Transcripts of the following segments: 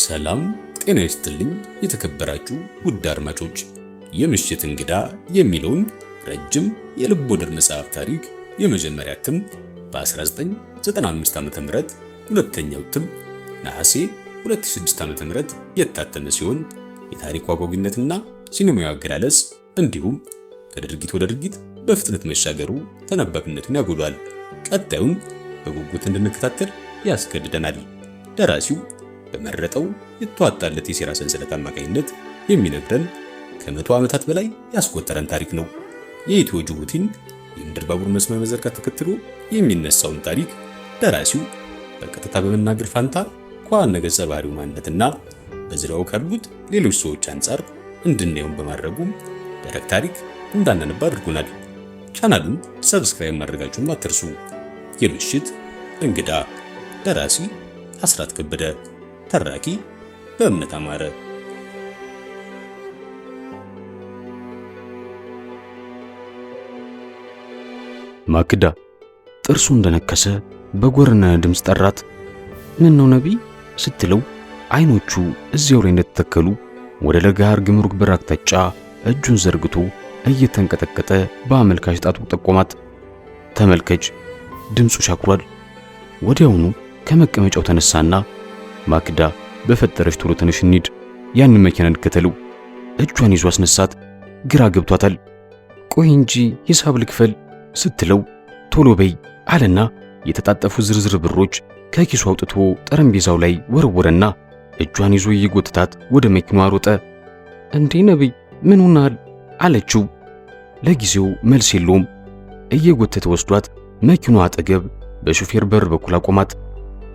ሰላም ጤና ይስጥልኝ የተከበራችሁ ውድ አድማጮች፣ የምሽት እንግዳ የሚለውን ረጅም የልብ ወለድ መጽሐፍ ታሪክ የመጀመሪያ እትም በ1995 ዓ.ም ሁለተኛው እትም ነሐሴ ዓ ዓ.ም የታተመ ሲሆን የታሪኩ አጓጊነትና ሲኒማዊ አገላለጽ እንዲሁም ከድርጊት ወደ ድርጊት በፍጥነት መሻገሩ ተነባቢነቱን ያጎሏል። ቀጣዩን በጉጉት እንድንከታተል ያስገድደናል። ደራሲው በመረጠው የተዋጣለት የሴራ ሰንሰለት አማካኝነት የሚነግረን ከመቶ ዓመታት በላይ ያስቆጠረን ታሪክ ነው። የኢትዮ ጅቡቲን የምድር ባቡር መስመር መዘርጋት ተከትሎ የሚነሳውን ታሪክ ደራሲው በቀጥታ በመናገር ፋንታ ከዋና ገጸ ባህሪው ማንነትና በዙሪያው ካሉት ሌሎች ሰዎች አንጻር እንድናየውን በማድረጉ ደረቅ ታሪክ እንዳናነባ አድርጎናል። ቻናሉን ሰብስክራይብ ማድረጋችሁን አትርሱ። የምሽት እንግዳ ደራሲ አስራት ከበደ ተራኪ በእምነት አማረ ማክዳ ጥርሱ እንደነከሰ በጎርነ ድምፅ ጠራት። ምን ነው ነቢይ ስትለው አይኖቹ እዚያው ላይ እንደተተከሉ ወደ ለጋር ግምሩክ በር አቅጣጫ እጁን ዘርግቶ እየተንቀጠቀጠ በአመልካች ጣቱ ጠቆማት። ተመልከች፣ ድምፁ ሻኩሯል። ወዲያውኑ ከመቀመጫው ተነሳና ማክዳ በፈጠረች ቶሎ ትንሽ እንሂድ፣ ያንን መኪና እንከተለው። እጇን ይዞ አስነሳት። ግራ ገብቷታል። ቆይ እንጂ ሂሳብ ልክፈል ስትለው ቶሎ በይ አለና የተጣጠፉ ዝርዝር ብሮች ከኪሱ አውጥቶ ጠረጴዛው ላይ ወረወረና እጇን ይዞ እየጎተታት ወደ መኪናዋ ሮጠ። እንዴ ነብይ ምን ሆናል አለችው። ለጊዜው መልስ የለውም። እየጎተተ ወስዷት መኪናዋ አጠገብ በሹፌር በር በኩል አቆማት።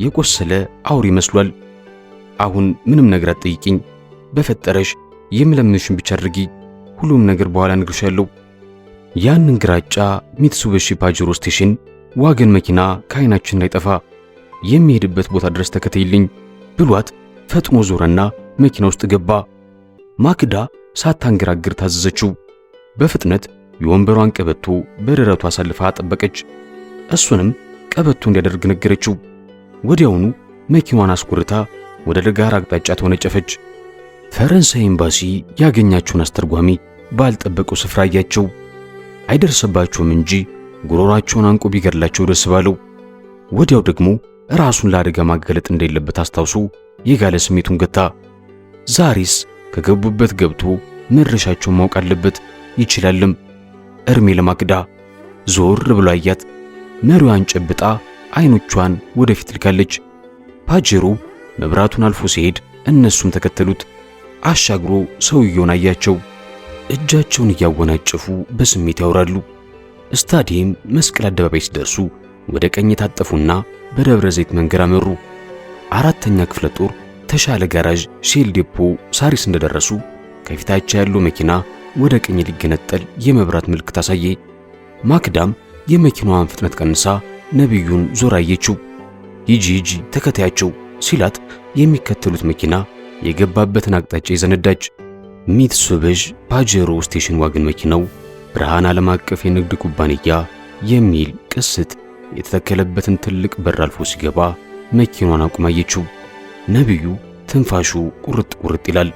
የቆሰለ አውር ይመስሏል። አሁን ምንም ነገር አትጠይቂኝ፣ በፈጠረሽ የምለምንሽን ብቻ አድርጊ። ሁሉም ነገር በኋላ እነግርሻለሁ። ያንን ግራጫ ሚትሱቢሺ ፓጀሮ ስቴሽን ዋገን መኪና ከዓይናችን እንዳይጠፋ የሚሄድበት ቦታ ድረስ ተከተይልኝ ብሏት ፈጥኖ ዞረና መኪና ውስጥ ገባ። ማክዳ ሳታንገራግር ታዘዘችው። በፍጥነት የወንበሯን ቀበቶ በደረቱ አሳልፋ አጠበቀች። እሱንም ቀበቶ እንዲያደርግ ነገረችው። ወዲያውኑ መኪዋን አስኩርታ ወደ ደጋር አቅጣጫ ተወነጨፈች። ፈረንሳይ ኤምባሲ ያገኛችሁን አስተርጓሚ ባልጠበቀው ስፍራ አያቸው። አይደርሰባቸውም እንጂ ጉሮሯቸውን አንቆ ቢገድላቸው ደስ ባለው። ወዲያው ደግሞ ራሱን ለአደጋ ማገለጥ እንደሌለበት አስታውሶ የጋለ ስሜቱን ገታ። ዛሬስ ከገቡበት ገብቶ መድረሻቸውን ማወቅ አለበት ይችላልም። እርሜ ለማክዳ ዞር ብሎ አያት። መሪዋን ጨብጣ አይኖቿን ወደፊት ልካለች። ፓጀሮ መብራቱን አልፎ ሲሄድ እነሱም ተከተሉት። አሻግሮ ሰውየውን አያቸው። እጃቸውን እያወናጨፉ በስሜት ያወራሉ። ስታዲየም መስቀል አደባባይ ሲደርሱ ወደ ቀኝ የታጠፉና በደብረ ዘይት መንገድ አመሩ። አራተኛ ክፍለ ጦር ተሻለ ጋራዥ፣ ሼል ዴፖ፣ ሳሪስ እንደደረሱ ከፊታቸው ያለው መኪና ወደ ቀኝ ሊገነጠል የመብራት ምልክት አሳየ። ማክዳም የመኪናዋን ፍጥነት ቀንሳ ነቢዩን ዞር አየችው። ሂጂ ሂጂ ተከታያቸው ሲላት የሚከተሉት መኪና የገባበትን አቅጣጫ የዘነዳች ሚትሱቢሺ ፓጀሮ ስቴሽን ዋግን መኪናው ብርሃን ዓለም አቀፍ የንግድ ኩባንያ የሚል ቅስት የተተከለበትን ትልቅ በር አልፎ ሲገባ መኪናዋን አቁማየችው። ነቢዩ ትንፋሹ ቁርጥ ቁርጥ ይላል።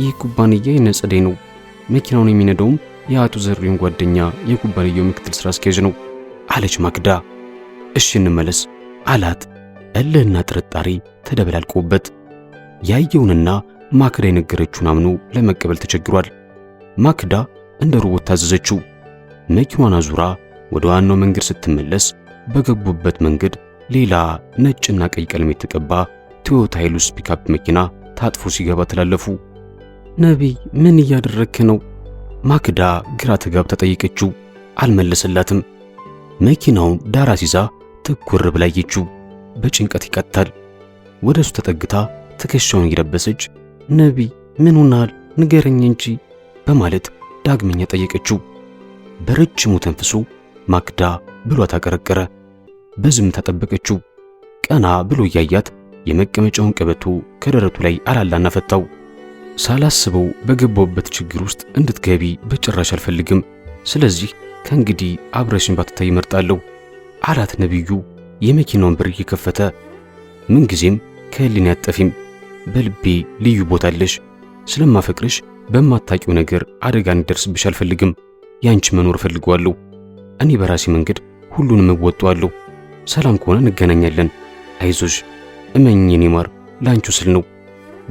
ይህ ኩባንያ የነጸደይ ነው። መኪናውን የሚነዳውም የአቶ ዘሪሁን ጓደኛ የኩባንያው ምክትል ሥራ አስኪያጅ ነው አለች ማክዳ። እሺ እንመለስ አላት። እልህና ጥርጣሬ ተደበላልቆበት ያየውንና ማክዳ የነገረችውን አምኖ ለመቀበል ተቸግሯል። ማክዳ እንደ ሮቦት ታዘዘችው። መኪናዋን አዙራ ወደ ዋናው መንገድ ስትመለስ በገቡበት መንገድ ሌላ ነጭና ቀይ ቀለም የተቀባ ቶዮታ ሃይሉስ ፒካፕ መኪና ታጥፎ ሲገባ ተላለፉ። ነቢይ ምን እያደረግክ ነው? ማክዳ ግራ ተጋብታ ጠየቀችው። አልመለሰላትም። መኪናውን ዳራ ሲዛ ትኩር ብላ አየችው። በጭንቀት ይቀጥታል። ወደ እሱ ተጠግታ ትከሻውን እየደበሰች ነቢ ምን ሆናል ንገረኝ እንጂ በማለት ዳግመኛ ጠየቀችው። በረጅሙ ተንፍሶ ማክዳ ብሎ ታቀረቀረ። በዝምታ ጠበቀችው። ቀና ብሎ እያያት የመቀመጫውን ቀበቶ ከደረቱ ላይ አላላና ፈታው። ሳላስበው በገባውበት ችግር ውስጥ እንድትገቢ በጭራሽ አልፈልግም። ስለዚህ ከእንግዲህ አብረሽን ባትታይ ይመርጣለሁ አላት ነቢዩ። የመኪናውን በር እየከፈተ ምንጊዜም ከህሊና አጠፊም በልቤ ልዩ ቦታ አለሽ። ስለማፈቅርሽ በማታቂው ነገር አደጋ እንዲደርስብሽ አልፈልግም። ያንቺ መኖር እፈልገዋለሁ። እኔ በራሴ መንገድ ሁሉንም እወጣዋለሁ። ሰላም ከሆነ እንገናኛለን። አይዞሽ፣ እመኝ የኔ ማር፣ ላንቺ ስል ነው።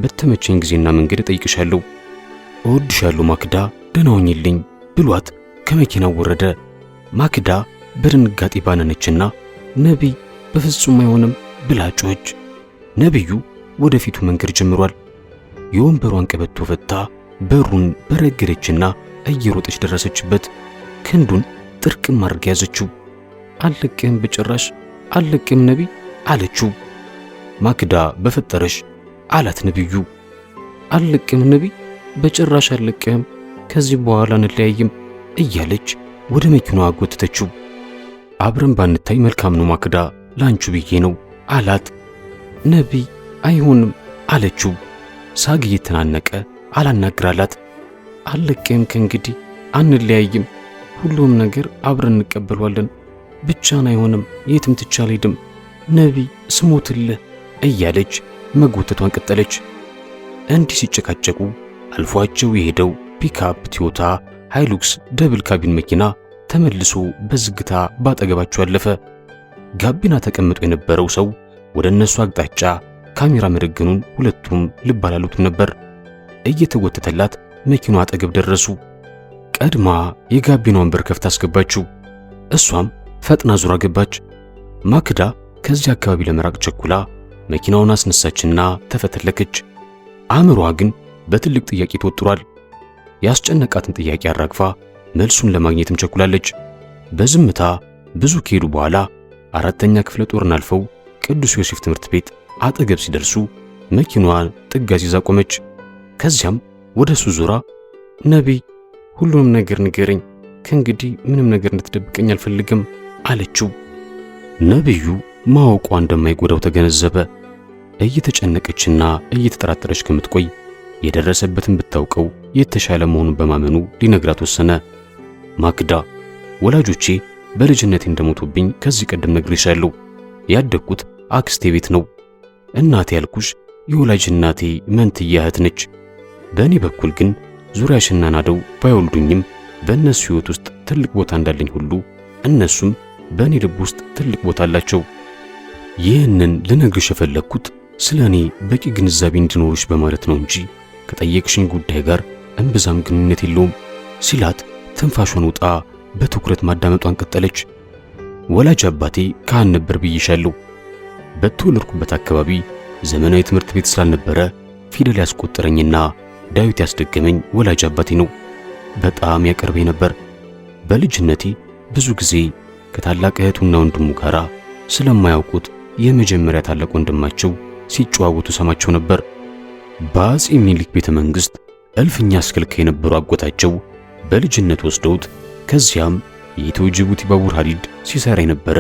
በተመቸኝ ጊዜና መንገድ እጠይቅሻለሁ። እወድሻለሁ ማክዳ፣ ደህና ሁኚልኝ ብሏት ከመኪናው ወረደ። ማክዳ በድንጋጤ ባነነችና ነቢይ በፍጹም አይሆንም ብላ ጮኸች። ነቢዩ ወደፊቱ መንገድ ጀምሯል። የወንበሯን ቀበቶ ፈታ በሩን በረገደችና እየሮጠች ደረሰችበት። ክንዱን ጥርቅም አድርጋ ያዘችው። አልለቅህም፣ በጭራሽ አልለቅህም ነቢይ አለችው። ማክዳ በፈጠረሽ አላት ነቢዩ። አልለቅህም ነቢይ፣ በጭራሽ አልለቅህም፣ ከዚህ በኋላ እንለያይም እያለች ወደ መኪናዋ ጎተተችው። አብረን ባንታይ መልካም ነው ማክዳ፣ ላንቹ ብዬ ነው አላት። ነቢይ አይሆንም አለችው። ሳግ እየተናነቀ አላናግራላት። አለቀም። ከእንግዲህ አንለያይም፣ ሁሉም ነገር አብረን እንቀበሏለን። ብቻን አይሆንም፣ የትም ትቼ አልሄድም ነቢይ ስሞትልህ እያለች መጎተቷን ቀጠለች። እንዲህ ሲጨቃጨቁ አልፏቸው የሄደው ፒክአፕ ቶዮታ ሃይሉክስ ደብል ካቢን መኪና ተመልሶ በዝግታ ባጠገባቸው አለፈ። ጋቢና ተቀምጦ የነበረው ሰው ወደ እነሱ አቅጣጫ ካሜራ መደገኑን ሁለቱም ልብ አላሉትም ነበር። እየተጎተተላት መኪናዋ አጠገብ ደረሱ። ቀድማ የጋቢናውን በር ከፍታ አስገባችው። እሷም ፈጥና ዙራ ገባች። ማክዳ ከዚህ አካባቢ ለመራቅ ቸኩላ መኪናውን አስነሳችና ተፈተለከች። አእምሮዋ ግን በትልቅ ጥያቄ ተወጥሯል። ያስጨነቃትን ጥያቄ አራግፋ መልሱን ለማግኘትም ቸኩላለች። በዝምታ ብዙ ከሄዱ በኋላ አራተኛ ክፍለ ጦርን አልፈው ቅዱስ ዮሴፍ ትምህርት ቤት አጠገብ ሲደርሱ መኪናዋን ጥጋዝ ይዛ ቆመች። ከዚያም ወደ እሱ ነቢይ፣ ሁሉንም ነገር ንገረኝ፣ ከእንግዲህ ምንም ነገር እንድትደብቀኝ አልፈልግም አለችው። ነቢዩ ማወቋ እንደማይጎዳው ተገነዘበ። እየተጨነቀችና እየተጠራጠረች ከምትቆይ የደረሰበትን ብታውቀው የተሻለ መሆኑን በማመኑ ሊነግራት ወሰነ። ማክዳ ወላጆቼ በልጅነቴ እንደሞቱብኝ ከዚህ ቀደም ነግሬሻለሁ። ያደግኩት አክስቴ ቤት ነው። እናቴ ያልኩሽ የወላጅ እናቴ መንትያ እህት ነች። በእኔ በኩል ግን ዙሪያሽና ናደው ባይወልዱኝም በእነሱ ሕይወት ውስጥ ትልቅ ቦታ እንዳለኝ ሁሉ እነሱም በእኔ ልብ ውስጥ ትልቅ ቦታ አላቸው። ይህንን ልነግርሽ የፈለግኩት ስለ እኔ በቂ ግንዛቤ እንዲኖርሽ በማለት ነው እንጂ ከጠየቅሽኝ ጉዳይ ጋር እምብዛም ግንኙነት የለውም ሲላት ትንፋሿን ውጣ በትኩረት ማዳመጧን ቀጠለች። ወላጅ አባቴ ካህን ነበር ብይሻለሁ። በተወለድኩበት አካባቢ ዘመናዊ ትምህርት ቤት ስላልነበረ ፊደል ያስቆጠረኝና ዳዊት ያስደገመኝ ወላጅ አባቴ ነው። በጣም ያቀርበኝ ነበር። በልጅነቴ ብዙ ጊዜ ከታላቅ እህቱና ወንድሙ ጋር ስለማያውቁት የመጀመሪያ ታላቅ ወንድማቸው ሲጨዋወቱ ሰማቸው ነበር። በአጼ ምኒልክ ቤተ መንግሥት እልፍኛ አስከልካይ የነበሩ አጎታቸው በልጅነት ወስደውት ከዚያም የኢትዮ ጅቡቲ ባቡር ሀዲድ ሲሰራ የነበረ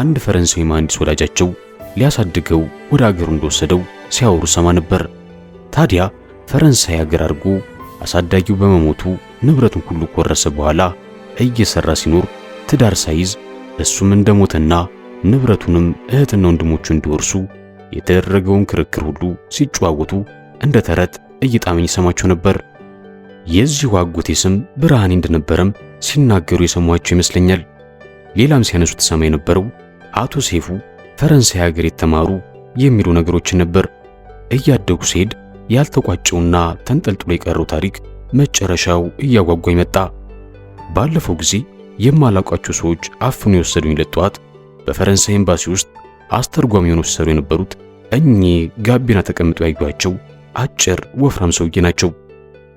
አንድ ፈረንሳዊ መሐንዲስ ወዳጃቸው ሊያሳድገው ወደ አገሩ እንደወሰደው ሲያወሩ ሰማ ነበር። ታዲያ ፈረንሳይ ሀገር አድርጎ አሳዳጊው በመሞቱ ንብረቱን ሁሉ ኮረሰ። በኋላ እየሰራ ሲኖር ትዳር ሳይዝ እሱም እንደሞተና ንብረቱንም እህትና ወንድሞቹ እንዲወርሱ የተደረገውን ክርክር ሁሉ ሲጨዋወቱ እንደ ተረት እየጣመኝ ሰማቸው ነበር። የዚሁ አጎቴ ስም ብርሃኔ እንደነበረም ሲናገሩ የሰሟቸው ይመስለኛል። ሌላም ሲያነሱ ተሰማ የነበረው አቶ ሴፉ ፈረንሳይ ሀገር የተማሩ የሚሉ ነገሮችን ነበር። እያደጉ ሲሄድ ያልተቋጨውና ተንጠልጥሎ የቀረው ታሪክ መጨረሻው እያጓጓኝ መጣ። ባለፈው ጊዜ የማላውቃቸው ሰዎች አፍኖ የወሰዱኝ ለጠዋት በፈረንሳይ ኤምባሲ ውስጥ አስተርጓሚ ሆነው ሲሰሩ የነበሩት እኚህ ጋቢና ተቀምጠው ያዩቸው አጭር ወፍራም ሰውዬ ናቸው።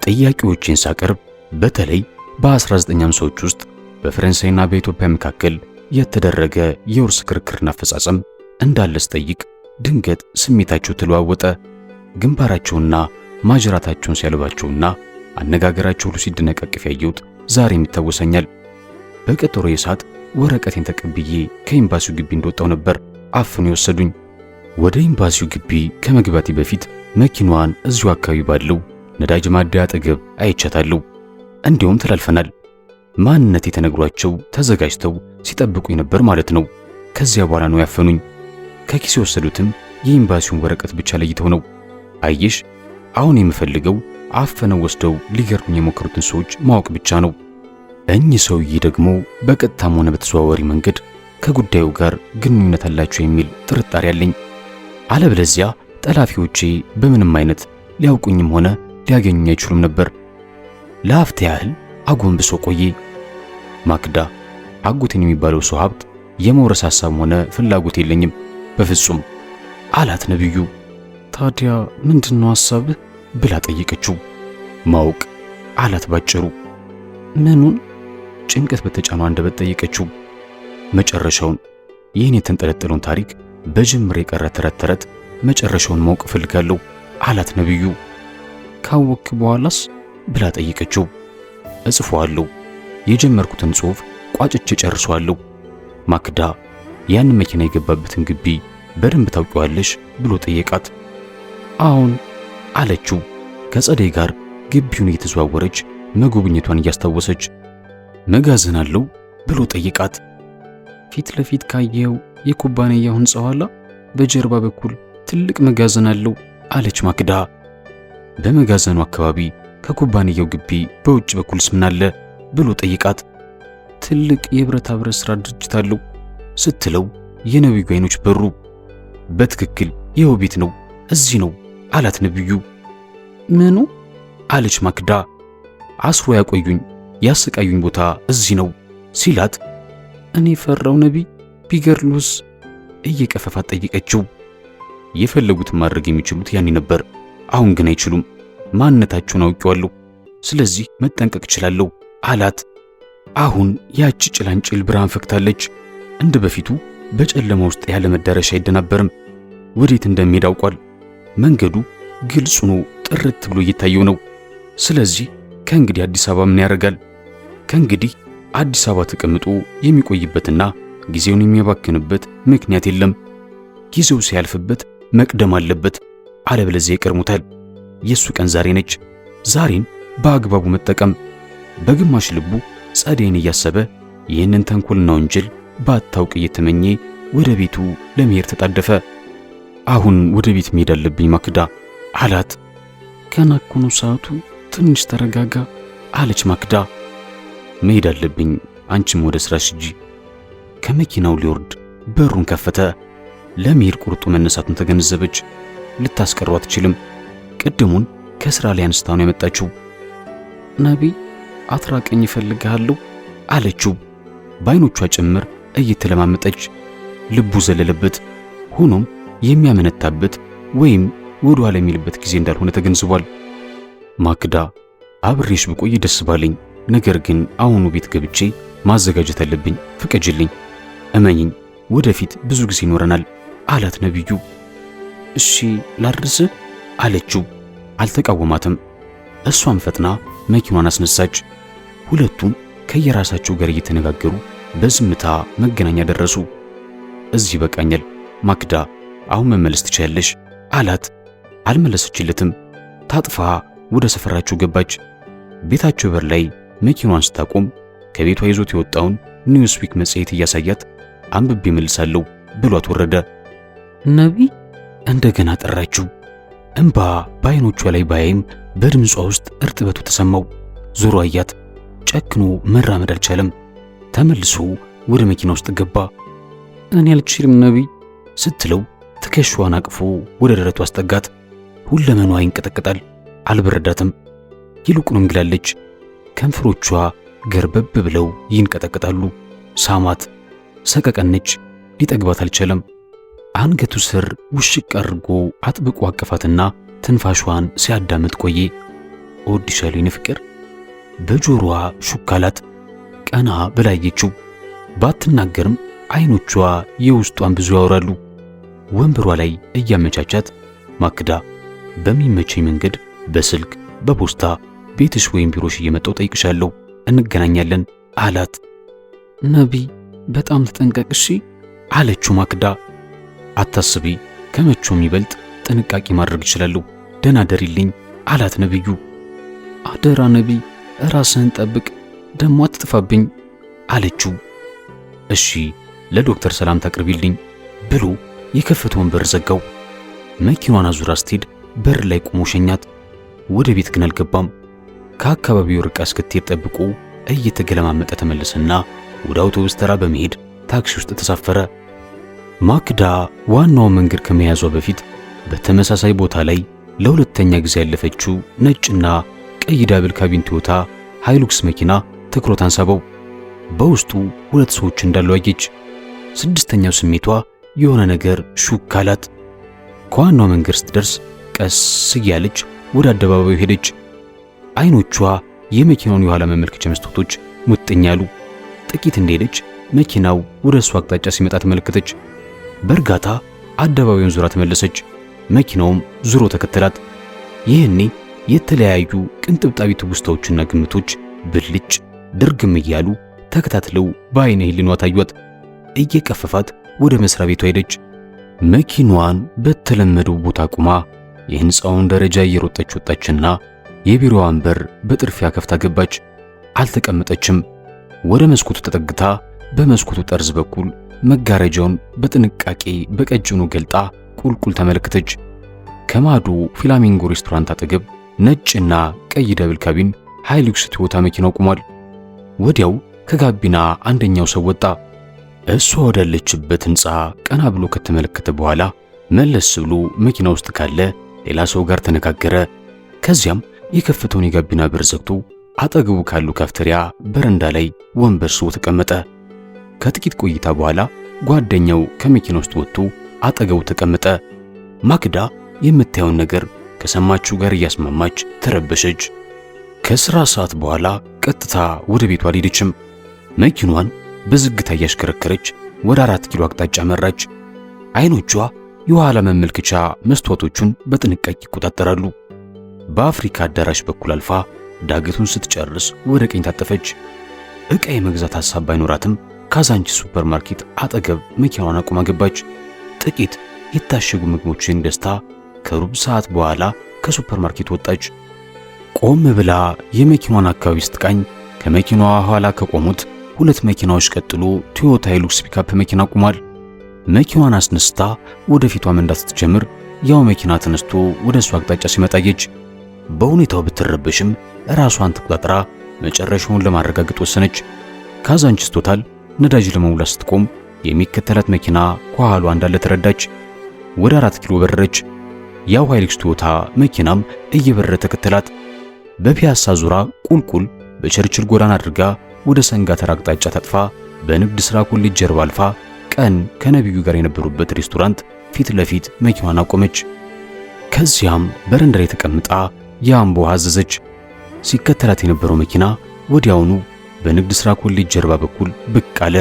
ጥያቄዎችን ሳቀርብ በተለይ በ1950ዎች ውስጥ በፈረንሳይና በኢትዮጵያ መካከል የተደረገ የውርስ ክርክርና አፈጻጸም እንዳለ ስጠይቅ ድንገት ስሜታቸው ተለዋወጠ። ግንባራቸውና ማጅራታቸውን ሲያልባቸውና አነጋገራቸው ሁሉ ሲደነቃቀፍ ያየሁት ዛሬም ይታወሰኛል። በቀጠሮ የሰዓት ወረቀቴን ተቀብዬ ከኤምባሲው ግቢ እንደወጣው ነበር አፍኖ የወሰዱኝ። ወደ ኤምባሲው ግቢ ከመግባቴ በፊት መኪናዋን እዚሁ አካባቢ ባለው ነዳጅ ማደያ አጠገብ አይቻታለሁ። እንዲሁም ተላልፈናል። ማንነቴ ተነግሯቸው ተዘጋጅተው ሲጠብቁኝ ነበር ማለት ነው። ከዚያ በኋላ ነው ያፈኑኝ። ከኪስ የወሰዱትም የኤምባሲውን ወረቀት ብቻ ለይተው ነው። አየሽ፣ አሁን የምፈልገው አፈነው ወስደው ሊገርሙኝ የሞከሩትን ሰዎች ማወቅ ብቻ ነው። እኚህ ሰውዬ ደግሞ በቀጥታም ሆነ በተዘዋዋሪ መንገድ ከጉዳዩ ጋር ግንኙነት አላቸው የሚል ጥርጣሬ አለኝ። አለበለዚያ ጠላፊዎቼ በምንም አይነት ሊያውቁኝም ሆነ ሊያገኙኝ አይችሉም ነበር። ለአፍታ ያህል አጎንብሶ ቆየ። ማክዳ አጎቴን የሚባለው ሰው ሀብት የመውረስ ሐሳብም ሆነ ፍላጎት የለኝም በፍጹም አላት ነብዩ። ታዲያ ምንድን ነው ሐሳብህ ብላ ጠየቀችው። ማወቅ አላት ባጭሩ። ምኑን? ጭንቀት በተጫኑ አንደበት ጠየቀችው። መጨረሻውን ይህን የተንጠለጠለውን ታሪክ በጅምር የቀረ ተረት ተረት መጨረሻውን ማወቅ እፈልጋለሁ አላት ነብዩ። ካወቅክ በኋላስ ብላ ጠይቀችው። እጽፏለሁ፣ የጀመርኩትን ጽሑፍ ቋጭቼ ጨርሷለሁ። ማክዳ ያን መኪና የገባበትን ግቢ በደንብ ታውቂዋለሽ ብሎ ጠየቃት። አሁን አለችው ከጸደይ ጋር ግቢውን እየተዘዋወረች መጎብኘቷን እያስታወሰች። መጋዘን አለው ብሎ ጠይቃት። ፊት ለፊት ካየው የኩባንያው ህንፃ ኋላ በጀርባ በኩል ትልቅ መጋዘን አለው አለች ማክዳ። በመጋዘኑ አካባቢ ከኩባንያው ግቢ በውጭ በኩል ስምናለ ብሎ ጠይቃት። ትልቅ የብረታ ብረት ስራ ድርጅት አለው ስትለው የነቢዩ አይኖች በሩ። በትክክል ይኸው ቤት ነው፣ እዚህ ነው አላት ነቢዩ። ምኑ አለች ማክዳ። አስሮ ያቆዩኝ ያሰቃዩኝ ቦታ እዚህ ነው ሲላት፣ እኔ ፈራው ነቢይ ቢገርሉስ እየቀፈፋት ጠየቀችው። የፈለጉትን ማድረግ የሚችሉት ያኔ ነበር። አሁን ግን አይችሉም። ማንነታችሁን አውቄዋለሁ፣ ስለዚህ መጠንቀቅ እችላለሁ አላት። አሁን ያቺ ጭላንጭል ብርሃን ፈክታለች። እንደ በፊቱ በጨለማ ውስጥ ያለ መዳረሻ አይደናበርም። ወዴት እንደሚሄድ አውቋል። መንገዱ ግልጽ ሆኖ ጥርት ብሎ እየታየው ነው። ስለዚህ ከእንግዲህ አዲስ አበባ ምን ያደርጋል? ከእንግዲህ አዲስ አበባ ተቀምጦ የሚቆይበትና ጊዜውን የሚያባክንበት ምክንያት የለም። ጊዜው ሲያልፍበት መቅደም አለበት። አለበለዚያ ይቀርሙታል። የእሱ ቀን ዛሬ ነች። ዛሬን በአግባቡ መጠቀም። በግማሽ ልቡ ጸደይን እያሰበ ይህንን ተንኮልና ወንጀል ባታውቅ እየተመኘ ወደ ቤቱ ለመሄድ ተጣደፈ። አሁን ወደ ቤት መሄድ አለብኝ ማክዳ አላት። ገና እኮ ነው ሰዓቱ፣ ትንሽ ተረጋጋ አለች ማክዳ። መሄድ አለብኝ፣ አንቺም ወደ ስራሽ ሂጂ። ከመኪናው ሊወርድ በሩን ከፈተ። ለመሄድ ቁርጡ መነሳቱን ተገነዘበች። ልታስቀሩ አትችልም። ቅድሙን ከስራ ላይ አንስታ ነው ያመጣችው። ነቢ አትራቀኝ እፈልግሃለሁ አለችው፣ በአይኖቿ ጭምር እየተለማመጠች። ልቡ ዘለለበት። ሆኖም የሚያመነታበት ወይም ወደ ኋላ የሚልበት ጊዜ እንዳልሆነ ተገንዝቧል። ማክዳ አብሬሽ ብቆይ ደስ ባለኝ፣ ነገር ግን አሁኑ ቤት ገብቼ ማዘጋጀት አለብኝ፣ ፍቀጅልኝ፣ እመኝኝ፣ ወደፊት ብዙ ጊዜ ይኖረናል አላት ነቢዩ። እሺ ላድርስ አለችው። አልተቃወማትም። እሷም ፈጥና መኪናዋን አስነሳች። ሁለቱም ከየራሳቸው ጋር እየተነጋገሩ በዝምታ መገናኛ ደረሱ። እዚህ ይበቃኛል ማክዳ፣ አሁን መመለስ ትችያለሽ አላት። አልመለሰችለትም። ታጥፋ ወደ ሰፈራቸው ገባች። ቤታቸው በር ላይ መኪናዋን ስታቆም ከቤቷ ይዞት የወጣውን ኒውስዊክ መጽሔት እያሳያት አንብቤ መልሳለሁ ብሏት ወረደ ነቢይ እንደገና ጠራችው። እንባ በአይኖቿ ላይ ባይም በድምጿ ውስጥ እርጥበቱ ተሰማው። ዞሮ አያት። ጨክኖ መራመድ አልቻለም። ተመልሶ ወደ መኪና ውስጥ ገባ። እኔ አልችልም ነቢይ ስትለው ትከሻዋን አቅፎ ወደ ደረቱ አስጠጋት። ሁለመኗ ይንቀጠቀጣል። አልበረዳትም። ይልቁንም ግላለች። ከንፈሮቿ ገርበብ ብለው ይንቀጠቀጣሉ። ሳማት። ሰቀቀነች። ሊጠግባት አልቻለም። አንገቱ ስር ውሽቅ አድርጎ አጥብቆ አቀፋትና ትንፋሿን ሲያዳምጥ ቆየ። ኦዲሻሊን ፍቅር በጆሮዋ ሹካላት ቀና ብላየችው። ባትናገርም አይኖቿ የውስጧን ብዙ ያወራሉ። ወንበሯ ላይ እያመቻቻት ማክዳ በሚመቸኝ መንገድ በስልክ በፖስታ ቤትሽ ወይም ቢሮሽ እየመጣው ጠይቅሻለሁ፣ እንገናኛለን አላት። ነቢ በጣም ተጠንቀቅሺ አለችው ማክዳ አታስቢ፣ ከመቼውም ይበልጥ ጥንቃቄ ማድረግ እችላለሁ። ደህና ደሪልኝ አላት ነቢዩ። አደራ ነቢይ፣ ራስህን ጠብቅ፣ ደሞ አትጥፋብኝ አለችው። እሺ ለዶክተር ሰላም ታቅርቢልኝ ብሎ የከፈተውን በር ዘጋው። መኪናዋን አዙራ ስትሄድ በር ላይ ቆሞ ሸኛት። ወደ ቤት ግን አልገባም። ከአካባቢው ርቃ እስክትሄድ ጠብቆ እየተገለማመጠ ተመለሰና ወደ አውቶቡስ ተራ በመሄድ ታክሲ ውስጥ ተሳፈረ። ማክዳ ዋናው መንገድ ከመያዟ በፊት በተመሳሳይ ቦታ ላይ ለሁለተኛ ጊዜ ያለፈችው ነጭና ቀይ ዳብል ካቢን ቶዮታ ሃይሉክስ መኪና ትኩረቷን ሳበው። በውስጡ ሁለት ሰዎች እንዳሉ አየች። ስድስተኛው ስሜቷ የሆነ ነገር ሹክ አላት። ከዋናው መንገድ ስትደርስ ቀስ እያለች ወደ አደባባዩ ሄደች። አይኖቿ የመኪናውን የኋላ መመልከቻ መስታወቶች ሙጥኝ አሉ። ጥቂት እንደሄደች መኪናው ወደ እሷ አቅጣጫ ሲመጣ ተመለከተች። በእርጋታ አደባባዩን ዙራ ተመለሰች። መኪናውም ዙሮ ተከተላት። ይህኔ የተለያዩ ቅንጥብጣቢ ትውስታዎችና ግምቶች ብልጭ ድርግም እያሉ ተከታትለው በአይነ ህሊኗ ታዩት። እየቀፈፋት ወደ መስሪያ ቤቷ ሄደች። መኪናዋን በተለመደው ቦታ ቁማ የህንፃውን ደረጃ እየሮጠች ወጣችና የቢሮዋን በር በጥርፊያ ከፍታ ገባች። አልተቀመጠችም። ወደ መስኮቱ ተጠግታ በመስኮቱ ጠርዝ በኩል መጋረጃውን በጥንቃቄ በቀጭኑ ገልጣ ቁልቁል ተመለከተች። ከማዶ ፍላሚንጎ ሬስቶራንት አጠገብ ነጭና ቀይ ደብል ካቢን ሃይሉክስ ቶዮታ መኪናው ቆሟል። ወዲያው ከጋቢና አንደኛው ሰው ወጣ። እሷ ወዳለችበት ሕንፃ ቀና ብሎ ከተመለከተ በኋላ መለስ ብሎ መኪና ውስጥ ካለ ሌላ ሰው ጋር ተነጋገረ። ከዚያም የከፈተውን የጋቢና በር ዘግቶ አጠገቡ ካሉ ካፍቴሪያ በረንዳ ላይ ወንበር ስቦ ተቀመጠ። ከጥቂት ቆይታ በኋላ ጓደኛው ከመኪና ውስጥ ወጥቶ አጠገቡ ተቀመጠ። ማክዳ የምታየውን ነገር ከሰማችው ጋር እያስማማች ተረበሸች። ከስራ ሰዓት በኋላ ቀጥታ ወደ ቤቷ አልሄደችም። መኪኗን በዝግታ እያሽከረከረች ወደ አራት ኪሎ አቅጣጫ መራች። አይኖቿ የኋላ መመልከቻ መስታወቶቹን በጥንቃቄ ይቆጣጠራሉ። በአፍሪካ አዳራሽ በኩል አልፋ ዳገቱን ስትጨርስ ወደ ቀኝ ታጠፈች። ዕቃ የመግዛት ሐሳብ ባይኖራትም ካዛንቺ ሱፐር ማርኬት አጠገብ መኪናዋን አቁማ ገባች። ጥቂት የታሸጉ ምግቦችን ደስታ ከሩብ ሰዓት በኋላ ከሱፐር ማርኬት ወጣች። ቆም ብላ የመኪናዋን አካባቢ ስትቃኝ ከመኪናዋ ኋላ ከቆሙት ሁለት መኪናዎች ቀጥሎ ቶዮታ ሂሉክስ ፒካፕ መኪና ቆሟል። መኪናዋን አስነስታ ወደፊቷ መንዳት ስትጀምር ያው መኪና ተነስቶ ወደ እሷ አቅጣጫ ሲመጣ አየች። በሁኔታው ብትረበሽም ራሷን ተቆጣጥራ መጨረሻውን ለማረጋገጥ ወሰነች። ካዛንቺስ ቶታል ነዳጅ ለመሙላት ስትቆም የሚከተላት መኪና ከኋሏ እንዳለ ተረዳች። ወደ አራት ኪሎ በረረች። ያው ሃይሉክስ ቶዮታ መኪናም እየበረረ ተከተላት። በፒያሳ ዙራ ቁልቁል በቸርችል ጎዳና አድርጋ ወደ ሰንጋ ተራ አቅጣጫ ታጥፋ በንግድ ሥራ ኮሌጅ ጀርባ አልፋ ቀን ከነቢዩ ጋር የነበሩበት ሬስቶራንት ፊት ለፊት መኪናዋን አቆመች። ከዚያም በረንዳ ላይ ተቀምጣ የአምቦ አዘዘች። ሲከተላት የነበረው መኪና ወዲያውኑ በንግድ ሥራ ኮሌጅ ጀርባ በኩል ብቅ አለ።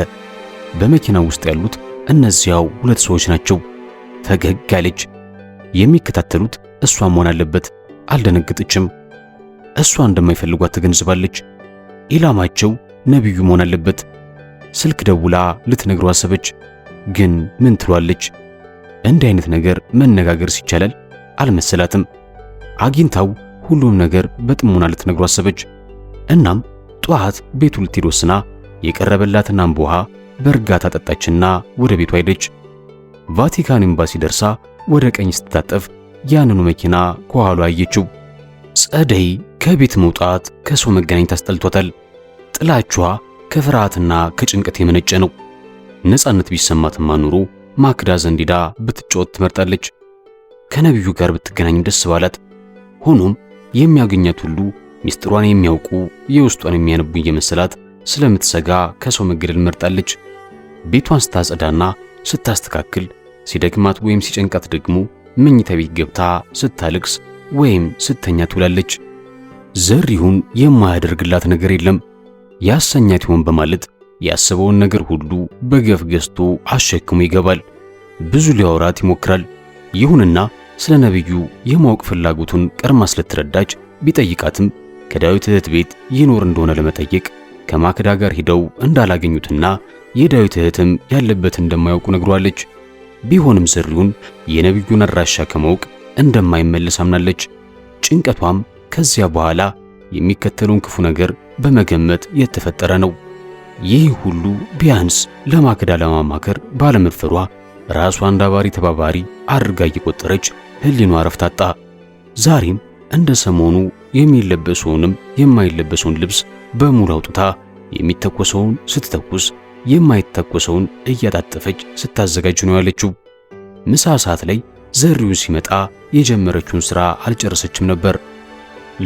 በመኪና ውስጥ ያሉት እነዚያው ሁለት ሰዎች ናቸው። ፈገግ አለች። የሚከታተሉት እሷ መሆን አለበት። አልደነገጠችም። እሷ እንደማይፈልጓት ተገንዝባለች። ኢላማቸው ነቢዩ መሆን አለበት። ስልክ ደውላ ልትነግረው አሰበች። ግን ምን ትሏለች? እንዲህ አይነት ነገር መነጋገር ሲቻላል አልመሰላትም። አግኝታው ሁሉም ነገር በጥሞና ልትነግረው አሰበች። እናም ጠዋት ቤቱ ልትሄድ ወስና የቀረበላትን አምቦ ውሃ በእርጋታ ጠጣችና ወደ ቤቷ ሄደች። ቫቲካን ኤምባሲ ደርሳ ወደ ቀኝ ስትታጠፍ ያንኑ መኪና ከኋሏ አየችው። ጸደይ ከቤት መውጣት ከሰው መገናኘት አስጠልቷታል። ጥላቿ ከፍርሃትና ከጭንቀት የመነጨ ነው። ነፃነት ቢሰማትማ ኑሮ ማክዳ ዘንዲዳ ብትጫወት ትመርጣለች። ከነቢዩ ጋር ብትገናኝ ደስ ባላት። ሆኖም የሚያገኛት ሁሉ ሚስጥሯን የሚያውቁ የውስጧን የሚያነቡ እየመሰላት ስለምትሰጋ ከሰው መገደል መርጣለች። ቤቷን ስታጸዳና ስታስተካክል፣ ሲደክማት ወይም ሲጨንቃት ደግሞ መኝታ ቤት ገብታ ስታለቅስ ወይም ስተኛ ትውላለች። ዘሪሁን የማያደርግላት ነገር የለም። ያሰኛት ይሆን በማለት ያሰበውን ነገር ሁሉ በገፍ ገዝቶ አሸክሞ ይገባል። ብዙ ሊያወራት ይሞክራል። ይሁንና ስለ ነብዩ የማወቅ ፍላጎቱን ቀርማ ስለተረዳች ቢጠይቃትም ከዳዊት እህት ቤት ይኖር እንደሆነ ለመጠየቅ ከማክዳ ጋር ሂደው እንዳላገኙትና የዳዊት እህትም ያለበት እንደማያውቁ ነግሯለች። ቢሆንም ስሪውን የነቢዩን አድራሻ ከማወቅ እንደማይመለስ አምናለች። ጭንቀቷም ከዚያ በኋላ የሚከተለውን ክፉ ነገር በመገመት የተፈጠረ ነው። ይህ ሁሉ ቢያንስ ለማክዳ ለማማከር ባለመድፈሯ ራሷ እንዳባሪ ተባባሪ አድርጋ እየቆጠረች ህሊኗ ረፍታጣ ዛሬም እንደ ሰሞኑ የሚለበሰውንም የማይለበሰውን ልብስ በሙሉ አውጥታ የሚተኮሰውን ስትተኩስ የማይተኮሰውን እያጣጠፈች ስታዘጋጅ ነው ያለችው። ምሳ ሰዓት ላይ ዘሪው ሲመጣ የጀመረችውን ሥራ አልጨረሰችም ነበር።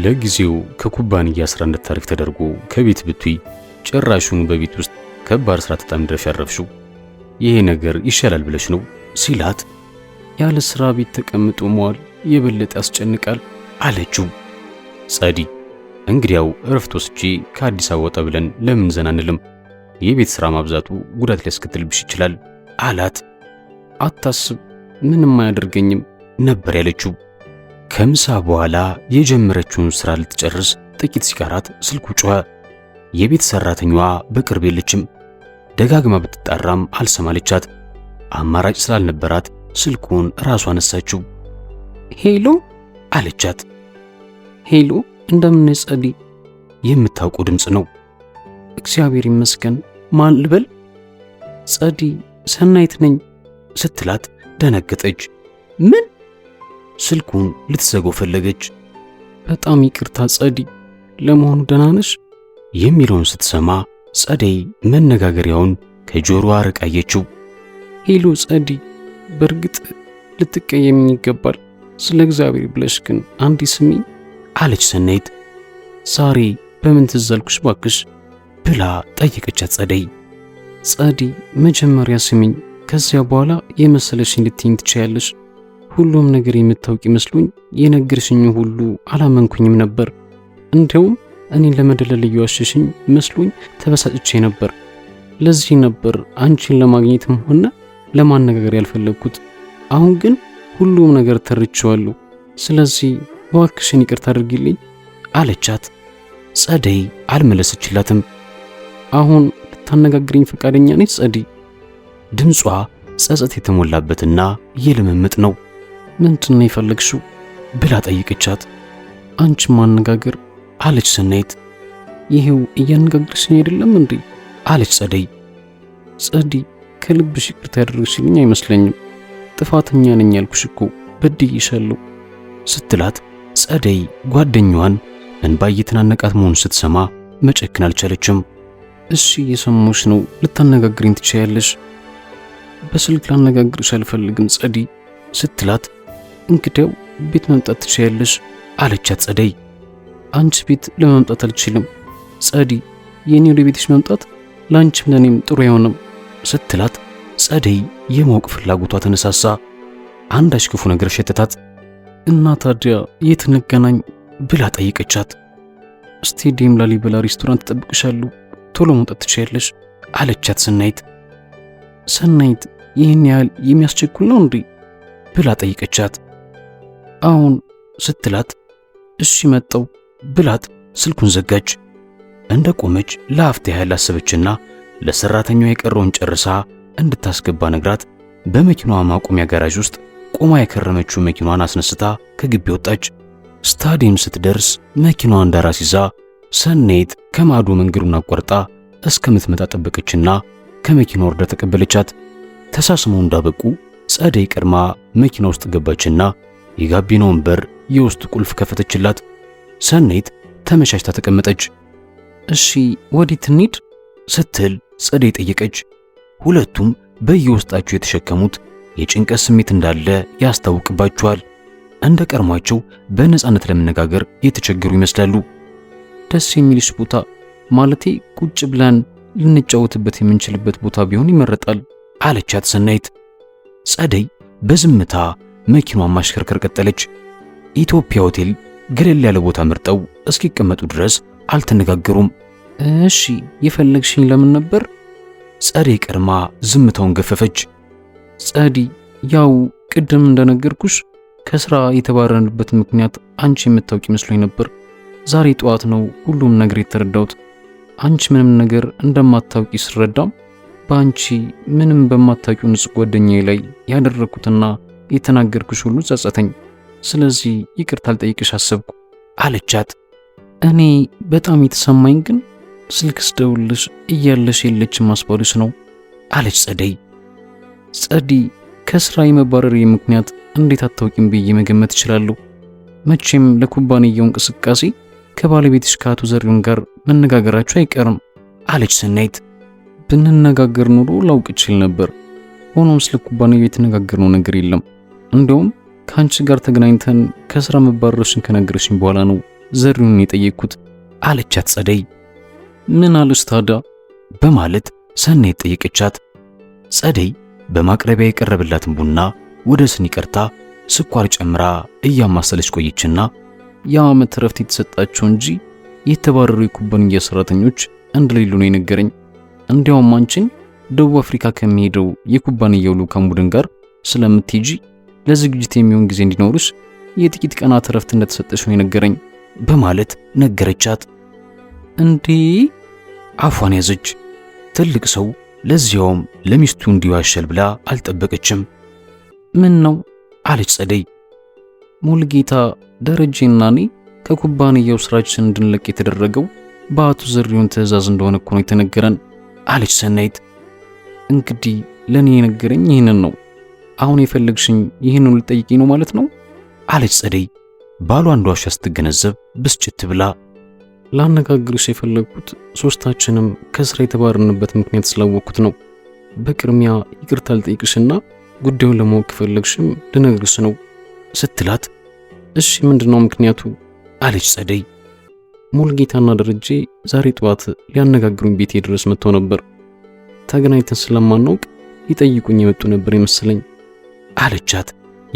ለጊዜው ከኩባንያ ሥራ እንድታርፍ ተደርጎ ከቤት ብትይ ጭራሹን በቤት ውስጥ ከባድ ሥራ ተጠምደሽ ያረፍሽው ይሄ ነገር ይሻላል ብለሽ ነው ሲላት ያለ ሥራ ቤት ተቀምጦ መዋል የበለጠ ያስጨንቃል አለችው። ጸዲ እንግዲያው እረፍት ወስጄ ከአዲስ አበባ ወጣ ብለን ለምን ዘና አንልም? የቤት ሥራ ማብዛቱ ጉዳት ሊያስከትልብሽ ይችላል አላት። አታስብ፣ ምንም አያደርገኝም ነበር ያለችው። ከምሳ በኋላ የጀመረችውን ሥራ ልትጨርስ ጥቂት ሲቀራት ስልኩ ጮኸ። የቤት ሠራተኛዋ በቅርብ የለችም። ደጋግማ ብትጣራም አልሰማለቻት። አማራጭ ስላልነበራት ስልኩን ራሷ አነሳችው። ሄሎ አለቻት። ሄሎ እንደምንጸልይ የምታውቁ ድምፅ ነው። እግዚአብሔር ይመስገን። ማን ልበል? ጸዲ ሰናይት ነኝ ስትላት ደነገጠች። ምን? ስልኩን ልትዘጎ ፈለገች። በጣም ይቅርታ ጸዲ፣ ለመሆኑ ደህና ነሽ? የሚለውን ስትሰማ ጸደይ መነጋገሪያውን ከጆሮ አርቃየችው። ሄሎ ጸዲ፣ በእርግጥ ልትቀየምኝ ይገባል። ስለ እግዚአብሔር ብለሽ ግን አንድ ስሜ አለች ሰናይት። ዛሬ በምን ትዝ አልኩሽ ባክሽ ብላ ጠየቀቻት ጸደይ። ጸደይ መጀመሪያ ስሚኝ፣ ከዚያ በኋላ የመሰለሽ እንድትይኝ ትችያለሽ። ሁሉም ነገር የምታውቂ መስሎኝ የነገርሽኝ ሁሉ አላመንኩኝም ነበር። እንዲያውም እኔን ለመደለል እየዋሸሽኝ መስሎኝ ተበሳጭቼ ነበር። ለዚህ ነበር አንቺን ለማግኘትም ሆነ ለማነጋገር ያልፈለግኩት። አሁን ግን ሁሉም ነገር ተርቼዋለሁ። ስለዚህ እባክሽን ይቅርታ አድርጊልኝ አለቻት። ጸደይ አልመለሰችላትም። አሁን ልታነጋግርኝ ፈቃደኛ ነች ጸዲ ድምጿ ጸጸት የተሞላበትና የልምምጥ ነው። ምንድን ነው የፈለግሽው ብላ ጠይቀቻት። አንቺ ማነጋገር አለች ሰናይት። ይሄው እያነጋግርሽኝ አይደለም እንዴ አለች ጸደይ። ጸዲ ከልብሽ ይቅርታ ያደረግሽልኝ አይመስለኝም። ጥፋተኛ ነኝ ያልኩሽ እኮ በድዬሻለሁ ስትላት ጸደይ ጓደኛዋን እንባ እየተናነቃት መሆኑ ስትሰማ መጨክን አልቻለችም። እሺ እየሰማሁሽ ነው፣ ልታነጋግሪኝ ትችያለሽ? በስልክ ላነጋግርሽ አልፈልግም ጸደይ ስትላት፣ እንግዲያው ቤት መምጣት ትችያለሽ አለቻት። ጸደይ አንቺ ቤት ለመምጣት አልችልም ጸደይ፣ የኔ ወደ ቤትሽ መምጣት ለአንቺም ለእኔም ጥሩ አይሆንም ስትላት፣ ጸደይ የማወቅ ፍላጎቷ ተነሳሳ። አንዳች ክፉ ነገር ሸተታት። እና ታዲያ የት እንገናኝ ብላ ጠይቀቻት። ስቴዲየም ላሊበላ ሬስቶራንት ትጠብቅሻሉ፣ ቶሎ መውጣት ትችያለሽ አለቻት ሰናይት። ሰናይት ይህን ያህል የሚያስቸኩል ነው እንዴ ብላ ጠይቀቻት። አሁን ስትላት እሺ መጣው ብላት ስልኩን ዘጋች። እንደ ቆመች ለአፍታ ያህል አሰበችና ለሰራተኛዋ የቀረውን ጨርሳ እንድታስገባ ነግራት በመኪናዋ ማቆሚያ ጋራዥ ውስጥ ቆማ የከረመችው መኪናዋን አስነስታ ከግቢ ወጣች። ስታዲየም ስትደርስ መኪናዋን ዳራ ሲዛ ሰኔት ከማዶ መንገዱን አቋርጣ እስከምትመጣ ጠበቀችና ከመኪናው ወርዳ ተቀበለቻት። ተሳስመው እንዳበቁ ጸደይ ቀድማ መኪና ውስጥ ገባችና የጋቢናውን በር የውስጥ ቁልፍ ከፈተችላት። ሰኔት ተመቻችታ ተቀመጠች። እሺ ወዴት እንሂድ ስትል ጸደይ ጠየቀች። ሁለቱም በየውስጣቸው የተሸከሙት የጭንቀት ስሜት እንዳለ ያስታውቅባቸዋል። እንደ ቀድሟቸው በነፃነት ለመነጋገር የተቸገሩ ይመስላሉ። ደስ የሚልሽ ቦታ ማለቴ ቁጭ ብለን ልንጫወትበት የምንችልበት ቦታ ቢሆን ይመረጣል አለቻት ሰናይት። ጸደይ በዝምታ መኪናዋን ማሽከርከር ቀጠለች። ኢትዮጵያ ሆቴል ገለል ያለ ቦታ መርጠው እስኪቀመጡ ድረስ አልተነጋገሩም። እሺ የፈለግሽኝ ለምን ነበር? ጸደይ ቀድማ ዝምታውን ገፈፈች። ጸዲ፣ ያው ቅድም እንደነገርኩሽ ከስራ የተባረንበት ምክንያት አንቺ የምታውቂ መስሎኝ ነበር። ዛሬ ጠዋት ነው ሁሉም ነገር የተረዳሁት። አንቺ ምንም ነገር እንደማታውቂ ስረዳም በአንቺ ምንም በማታውቂው ንጹሕ ጓደኛዬ ላይ ያደረኩትና የተናገርኩሽ ሁሉ ጸጸተኝ። ስለዚህ ይቅርታ ልጠይቅሽ አሰብኩ አለቻት። እኔ በጣም የተሰማኝ ግን ስልክ ስደውልሽ እያለሽ የለችም ማስባሉስ ነው አለች ጸደይ። ጸዲ ከስራ የመባረር ምክንያት እንዴት አታውቂም ብዬ መገመት እችላለሁ። መቼም ለኩባንያው እንቅስቃሴ ከባለቤትሽ ከአቶ ዘሪሁን ጋር መነጋገራችሁ አይቀርም አለች ሰናይት። ብንነጋገር ኑሮ ላውቅ እችል ነበር። ሆኖም ስለ ኩባንያው የተነጋገርነው ነገር የለም። እንደውም ከአንቺ ጋር ተገናኝተን ከስራ መባረርሽን ከነገረሽኝ በኋላ ነው ዘሪውን የጠየቅኩት አለቻት ጸደይ። ምን አለሽ ታዲያ በማለት ሰናይት ጠየቀቻት። ጸደይ በማቅረቢያ የቀረበላትን ቡና ወደ ስኒ ቀርታ ስኳር ጨምራ እያማሰለች ቆየችና የዓመት እረፍት የተሰጣቸው እንጂ የተባረሩ የኩባንያ ሰራተኞች እንደሌሉ ነው የነገረኝ። እንዲያውም አንቺን ደቡብ አፍሪካ ከሚሄደው የኩባንያው ልዑካን ቡድን ጋር ስለምትሄጂ ለዝግጅት የሚሆን ጊዜ እንዲኖሩስ የጥቂት ቀናት እረፍት እንደተሰጠሽ ነው የነገረኝ በማለት ነገረቻት። እንዴ አፏን ያዘች። ትልቅ ሰው ለዚያውም ለሚስቱ እንዲዋሸል ብላ አልጠበቀችም። ምን ነው አለች ጸደይ። ሙልጌታ ደረጀና እኔ ከኩባንያው ስራችን እንድንለቅ የተደረገው በአቶ ዘሪሁን ትእዛዝ እንደሆነ እኮ ነው የተነገረን አለች ሰናይት። እንግዲህ ለእኔ የነገረኝ ይህንን ነው። አሁን የፈለግሽኝ ይህንኑ ልጠይቂኝ ነው ማለት ነው አለች ጸደይ ባሏ እንደዋሻ ስትገነዘብ ብስጭት ብላ ላነጋግርሽ የፈለግኩት ሶስታችንም ከስራ የተባረንበት ምክንያት ስላወቅኩት ነው። በቅድሚያ ይቅርታ ልጠይቅሽና ጉዳዩን ለማወቅ የፈለግሽም ልነግርሽ ነው ስትላት፣ እሺ ምንድነው ምክንያቱ አለች ጸደይ። ሙልጌታና ደረጀ ዛሬ ጠዋት ሊያነጋግሩኝ ቤቴ ድረስ መጥተው ነበር። ተገናኝተን ስለማናውቅ ሊጠይቁኝ የመጡ ነበር ይመስለኝ አለቻት፣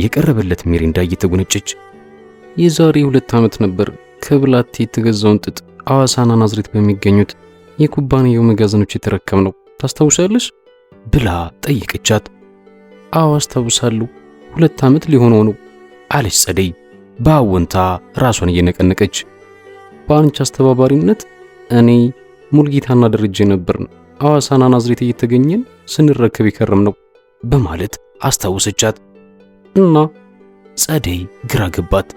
የቀረበለት ሜሬንዳ እየተጎነጨች። የዛሬ ሁለት ዓመት ነበር ከብላቴ የተገዛውን ጥጥ አዋሳና ናዝሬት በሚገኙት የኩባንያው መጋዘኖች የተረከም ነው። ታስታውሳለሽ? ብላ ጠይቅቻት። አዎ አስታውሳለሁ፣ ሁለት ዓመት ሊሆነው ነው አለች ጸደይ በአወንታ ራሷን እየነቀነቀች። በአንቺ አስተባባሪነት እኔ ሙልጌታና ደረጀ ነበርን አዋሳና ናዝሬት እየተገኘን ስንረከብ የከረም ነው በማለት አስታወሰቻት እና ጸደይ ግራ ገባት።